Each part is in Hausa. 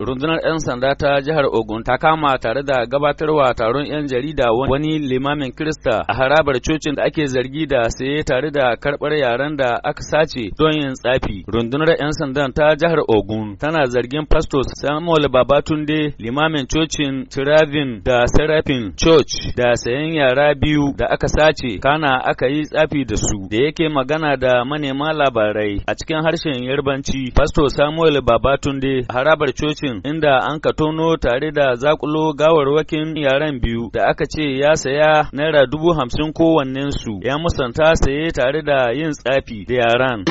Rundunar 'yan sanda ta jihar Ogun ta kama tare da gabatarwa taron 'yan jarida wani limamin Kirista a harabar cocin da ake zargi da saye tare da karbar yaren da aka sace don yin tsafi. Rundunar 'yan sanda ta jihar Ogun tana zargin Pastor Samuel Babatunde limamin cocin Tiravin da Serafin Church da sayan yara biyu da aka sace kana aka yi tsafi da su da yake magana da manema labarai a cikin harshen Yarbanci. Pastor Samuel Babatunde harabar cocin rafin inda an ka tono tare da zakulo gawarwakin yaran biyu da aka ce ya saya naira dubu hamsin kowannen su ya musanta saye tare da yin tsafi da yaran.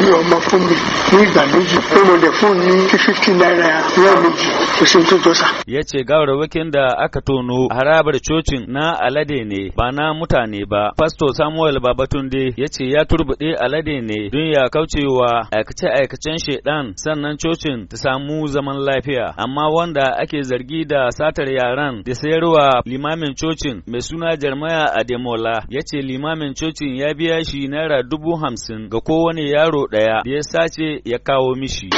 Ya ce gawarwakin da aka tono harabar cocin na alade ne ba na mutane ba. Fasto Samuel Babatunde ya ce ya turbuɗe alade ne don ya kaucewa aikace-aikacen shaidan sannan cocin ta samu zaman lafiya. amma wanda ake zargi da satar yaran da sayarwa limamin cocin mai suna Jarmaya Ademola ya ce limamin cocin ya biya shi naira dubu hamsin ga kowane yaro ɗaya da ya sace ya kawo mishi.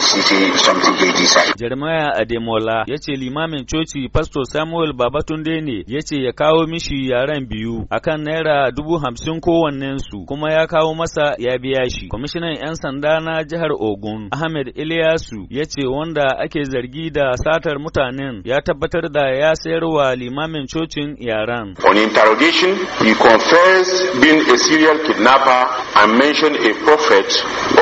she say something dey Jeremiah Ademola ya ce limamin coci Pastor Samuel Babatunde ne ya ce ya kawo mishi yaran biyu akan naira dubu hamsin kowannensu kuma ya kawo masa ya biya shi. Kwamishinan 'yan sanda na jihar Ogun Ahmed Ilyasu ya ce wanda ake zargi da satar mutanen ya tabbatar da ya sayarwa limamin cocin yaran. On interrogation, he confessed being a serial kidnapper and mentioned a prophet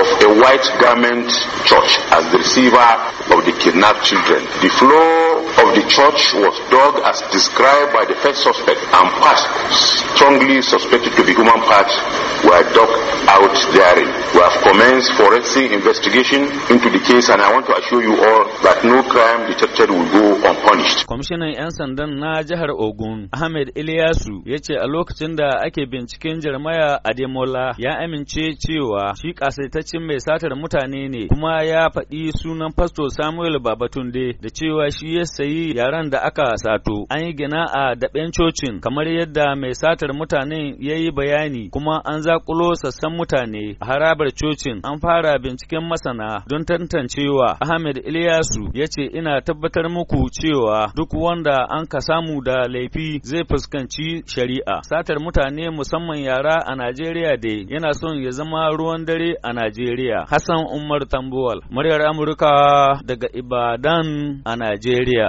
of a white garment church. as the receiver of the kidnapped children. The floor of the church was dug as described by the first suspect and parts strongly suspected to be human parts were dug out therein. We have commenced forensic investigation into the case and I want to assure you all that no crime detected will go unpunished. Commissioner 'yan sandan na jihar Ogun Ahmed Ilyasu ya ce a lokacin da ake binciken Jeremiah Ademola ya amince cewa shi kasaitaccen mai satar mutane ne kuma ya faɗi yi sunan Fasto Samuel Babatunde da cewa shi ya sayi yaren da aka sato. An yi gina a daɓen cocin kamar yadda mai satar mutane ya yi bayani kuma an zakulo sassan mutane a harabar cocin an fara binciken masana don tantancewa Ahmed Ilyasu ya ce ina tabbatar muku cewa duk wanda an ka samu da laifi zai fuskanci shari'a. Satar mutane musamman yara a Najeriya dai yana son ya zama ruwan dare a Najeriya. Hassan Umar Tambuwal, muryar Amurka daga Ibadan a Najeriya.